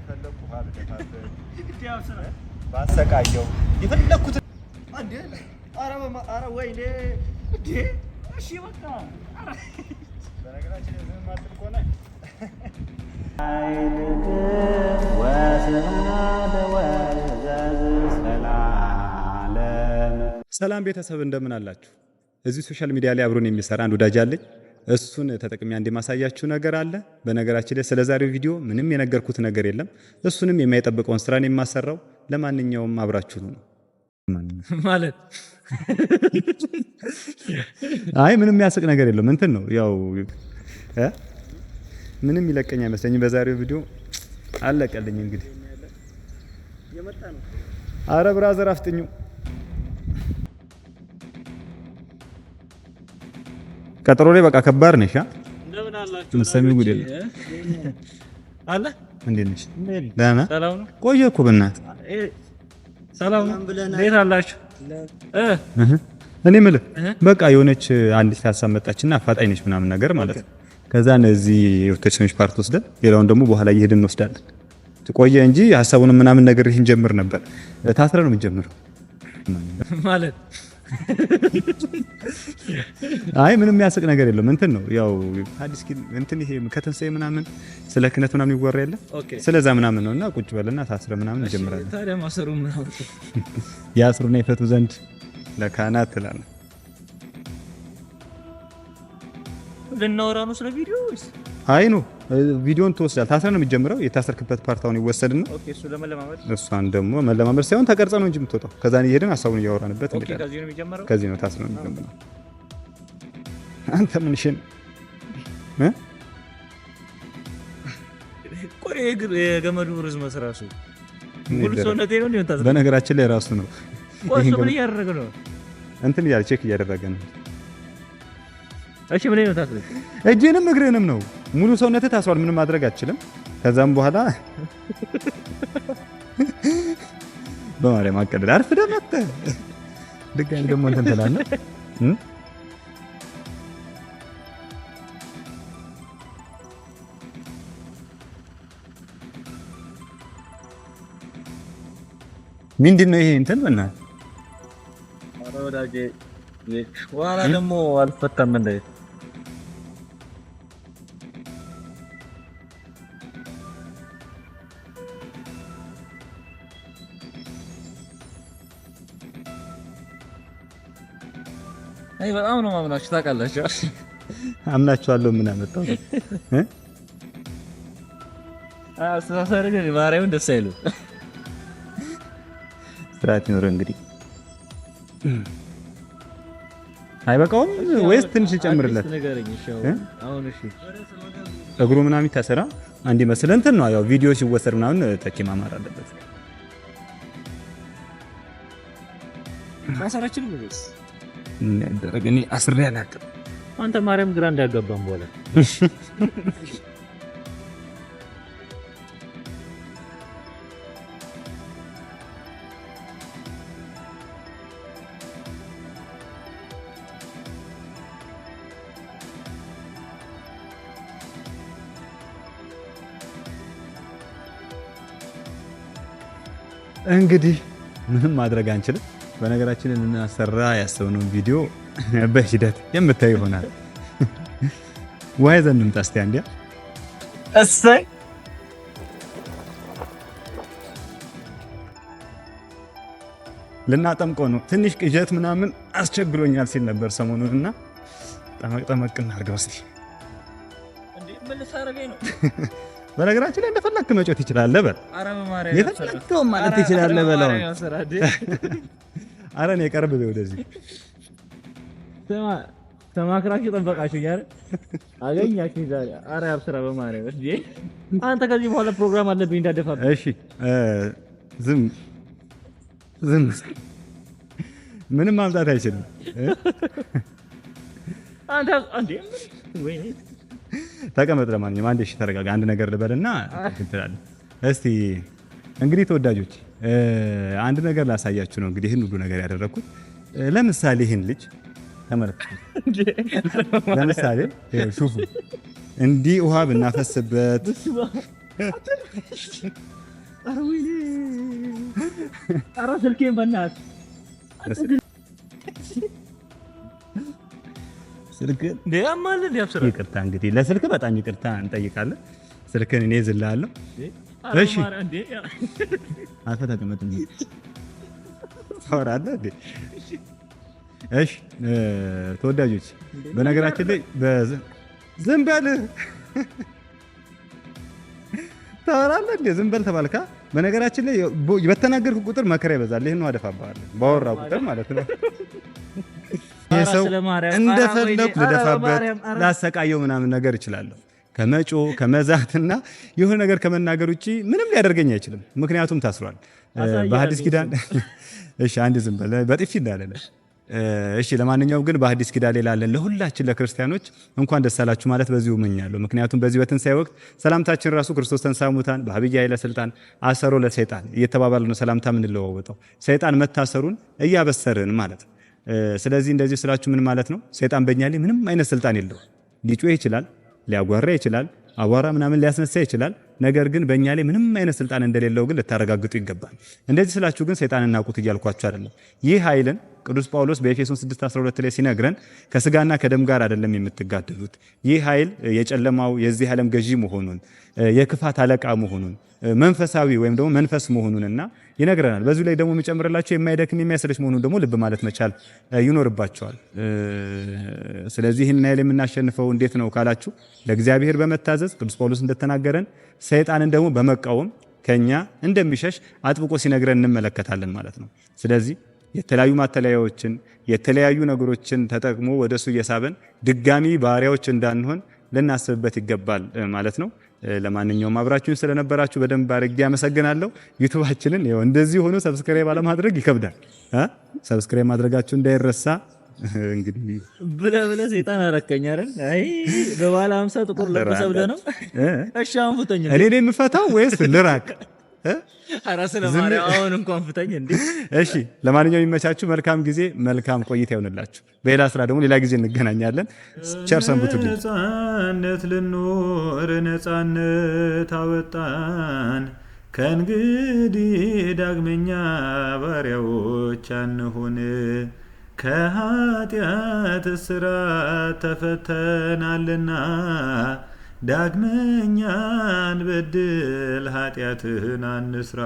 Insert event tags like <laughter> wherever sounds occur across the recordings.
እንደፈለኩ ውሃ ብደፋበት ባሰቃየው የፈለኩት እሺ ሰላም ቤተሰብ እንደምን አላችሁ? እዚህ ሶሻል ሚዲያ ላይ አብሮን የሚሰራ አንድ ወዳጅ አለኝ። እሱን ተጠቅሜ አንድ የማሳያችሁ ነገር አለ። በነገራችን ላይ ስለ ዛሬው ቪዲዮ ምንም የነገርኩት ነገር የለም። እሱንም የማይጠብቀውን ስራን የማሰራው ለማንኛውም አብራችሁ ነው <laughs> ማለት አይ ምንም የሚያስቅ ነገር የለም። እንትን ነው ያው ምንም ይለቀኝ አይመስለኝም። በዛሬው ቪዲዮ አለቀልኝ እንግዲህ። አረ ብራዘር አፍጥኙ። ቀጠሮ ላይ በቃ ከባድ ነሽ። ምሰሚው ጉድ የለም አለ። እንዴት ነሽ? ደህና ቆየ እኮ በእናትህ ሰላም እንዴት አላችሁ? እኔ የምልህ በቃ የሆነች አንድ ሀሳብ መጣች መጣችና አፋጣኝ ነች ምናምን ነገር ማለት ነው። ከዛ እዚህ ሮቴሽኖች ፓርት ወስደን ሌላውን ደግሞ በኋላ እየሄድን እንወስዳለን። ቆየ እንጂ ሀሳቡን ምናምን ነገር ይህን ጀምር ነበር። ታስረ ነው የምንጀምረው ማለት አይ ምንም የሚያስቅ ነገር የለም። እንትን ነው ያው ሐዲስ እንትን ይሄ ከተንሰይ ምናምን ስለ ክህነት ምናምን ይወራ የለ ስለዛ ምናምን ነውና ቁጭ በልና ታስረ ምናምን ይጀምራል። ታዲያ ማሰሩ ምናምን ያስሩና ይፈቱ ዘንድ ለካህናት ትላለህ። ልናወራ ነው ስለ ቪዲዮ ወይስ አይ ነው ቪዲዮን ትወስዳል። ታስረን ነው የሚጀምረው። የታሰርክበት ፓርታውን ይወሰድና ኦኬ፣ እሱ ለመለማመድ እሷን ደግሞ መለማመድ ሳይሆን ተቀርጸ ነው እንጂ የምትወጣው። ከዛ ነው እየሄድን ሀሳቡን እያወራንበት እንዴ። ከዚህ ነው ታስረን ነው የሚጀምረው። አንተ ምን ሽን እ ቆይ የገመዱ ርዝመት ራሱ ሙሉ ሰውነቴ ነው እንደምታስረው። በነገራችን ላይ ራሱ ነው ይሄን ምን እያደረገ ነው? እንትን እያለ ቼክ እያደረገ ነው። እሺ ምን ነው ታስረው እጄንም እግሬንም ነው ሙሉ ሰውነት ታስሯል። ምንም ማድረግ አችልም። ከዛም በኋላ በማርያም አቀልል አርፍ መተ ድጋሚ ደግሞ እንትን ትላለህ። ምንድን ነው ይሄ እንትን ምና ወዳጄ፣ ኋላ ደግሞ አልፈታም እንዳይት እኔ በጣም ነው ማምናችሁ ታውቃላችሁ። አምናችኋለሁ። ምን አመጣው እ አስተሳሰር ግን ማርያምን ደስ አይሉ ስርዓት ይኖር እንግዲህ አይበቃውም ወይስ ትንሽ ጨምርለት? እግሩ ምናም ይታሰራ አንድ መስል እንትን ነው ያው ቪዲዮ ሲወሰድ ምናምን ተኪ ማማር አለበት። ማሰራችን Nda lagi nih asrena kan? Mantamarem madra gancel. በነገራችን እናሰራ ያሰብነውን ቪዲዮ <laughs> በሂደት የምታይ ይሆናል። ዋይ <laughs> ይዘን እንምጣ እስቲ አንዲያ። እሰይ ልናጠምቀው ነው። ትንሽ ቅዠት ምናምን አስቸግሮኛል ሲል ነበር ሰሞኑን እና ጠመቅ ጠመቅ እናድርገው እስቲ። <laughs> በነገራችን ላይ እንደፈለክ መጮት ትችላለህ በል፣ የፈለከውን ማለት ትችላለህ በለው አረ እኔ ቀርብ በይ ወደዚህ። ተማክራችሁ ጠበቃችሁ ያረ አገኛችሁ ዛሬ። አረ አብስራ በማርያም እሺ። አንተ ከዚህ በኋላ ፕሮግራም አለብኝ እንዳደፋብህ። እሺ ዝም ዝም። ምንም ማምጣት አይችልም። አንተ አንዴ ወይኔ ተቀመጥ። ለማንኛውም አንዴ እሺ፣ ተረጋጋ። አንድ ነገር ልበልና እንትን እስቲ እንግዲህ ተወዳጆች አንድ ነገር ላሳያችሁ ነው። እንግዲህ ይህን ሁሉ ነገር ያደረግኩት ለምሳሌ ይህን ልጅ ተመለከቱ። ለምሳሌ ሹፉ እንዲህ ውሃ ብናፈስበት ኧረ ስልኬን በእናትህ ይቅርታ እንግዲህ ለስልክ በጣም ይቅርታ እንጠይቃለን። ስልክን እኔ ዝላለሁ እሺ አልፈህ ተቀመጥ። ታወራለ እንዴ? እሺ ተወዳጆች፣ በነገራችን ላይ ዝም በል ታወራለህ እንዴ? ዝም በል ተባልካ። በነገራችን ላይ በተናገርኩ ቁጥር መከራ ይበዛል። ይህን አደፋባለ ባወራ ቁጥር ማለት ነው። ይህ ሰው እንደፈለኩ ልደፋበት፣ ላሰቃየው ምናምን ነገር እችላለሁ ከመጮ ከመዛትና የሆነ ነገር ከመናገር ውጭ ምንም ሊያደርገኝ አይችልም። ምክንያቱም ታስሯል በሐዲስ ኪዳን። <laughs> እሺ አንድ ዝም በለ በጥፊ እንዳለለ። እሺ ለማንኛውም ግን በሐዲስ ኪዳን ሌላለን ለሁላችን ለክርስቲያኖች እንኳን ደስ አላችሁ ማለት በዚሁ እመኛለሁ። ምክንያቱም በዚህ በትንሣኤ ወቅት ሰላምታችን ራሱ ክርስቶስ ተንሥአ እሙታን በዐቢይ ኃይለ ሥልጣን አሰሮ ለሰይጣን እየተባባለ ነው ሰላምታ የምንለዋወጠው ሰይጣን መታሰሩን እያበሰርን ማለት ስለዚህ እንደዚህ ስላችሁ ምን ማለት ነው? ሰይጣን በእኛ ላይ ምንም አይነት ስልጣን የለውም። ሊጮህ ይችላል ሊያጓራ ይችላል፣ አቧራ ምናምን ሊያስነሳ ይችላል። ነገር ግን በእኛ ላይ ምንም አይነት ስልጣን እንደሌለው ግን ልታረጋግጡ ይገባል። እንደዚህ ስላችሁ ግን ሰይጣን እናቁት እያልኳችሁ አይደለም። ይህ ኃይልን ቅዱስ ጳውሎስ በኤፌሶን 6:12 ላይ ሲነግረን ከስጋና ከደም ጋር አይደለም የምትጋደሉት። ይህ ኃይል የጨለማው የዚህ ዓለም ገዢ መሆኑን የክፋት አለቃ መሆኑን መንፈሳዊ ወይም ደግሞ መንፈስ መሆኑንና ይነግረናል። በዚሁ ላይ ደግሞ የሚጨምርላቸው የማይደክም የሚያሰለች መሆኑን ደግሞ ልብ ማለት መቻል ይኖርባቸዋል። ስለዚህ ይህን ኃይል የምናሸንፈው እንዴት ነው ካላችሁ ለእግዚአብሔር በመታዘዝ ቅዱስ ጳውሎስ እንደተናገረን ሰይጣንን ደግሞ በመቃወም ከኛ እንደሚሸሽ አጥብቆ ሲነግረን እንመለከታለን ማለት ነው። ስለዚህ የተለያዩ ማተለያዎችን የተለያዩ ነገሮችን ተጠቅሞ ወደሱ እየሳበን ድጋሚ ባህሪያዎች እንዳንሆን ልናስብበት ይገባል ማለት ነው። ለማንኛውም አብራችሁን ስለነበራችሁ በደንብ አድርጌ አመሰግናለሁ። ዩቱባችንን ይኸው እንደዚህ ሆኖ ሰብስክራይብ አለማድረግ ይከብዳል። ሰብስክራይብ ማድረጋችሁ እንዳይረሳ። <laughs> እንግዲህ ብለህ ብለህ ሰይጣን አረከኝ አይደል? አይ በባለ ሀምሳ ጥቁር ለበሰ ብለህ ነው። እሺ አሁን ፍተኝ። እኔ የምፈታው ወይስ ልራቅ? አሁን እንኳን ፍተኝ። <laughs> እሺ፣ ለማንኛውም የሚመቻችሁ መልካም ጊዜ መልካም ቆይታ ይሆንላችሁ። በሌላ ስራ ደግሞ ሌላ ጊዜ እንገናኛለን። ቸር ሰንብቱልኝ። ነፃነት ልኖር ነፃነት አወጣን። ከእንግዲህ ዳግመኛ ባሪያዎች አንሁን ከኃጢአት ስራ ተፈተናልና ዳግመኛን በድል ኃጢአትህን አንስራ።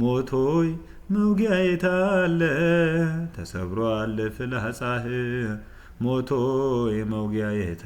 ሞቶይ መውጊያ የታለ ተሰብሮ አለ ፍላጻህ ሞቶይ መውጊያ የታ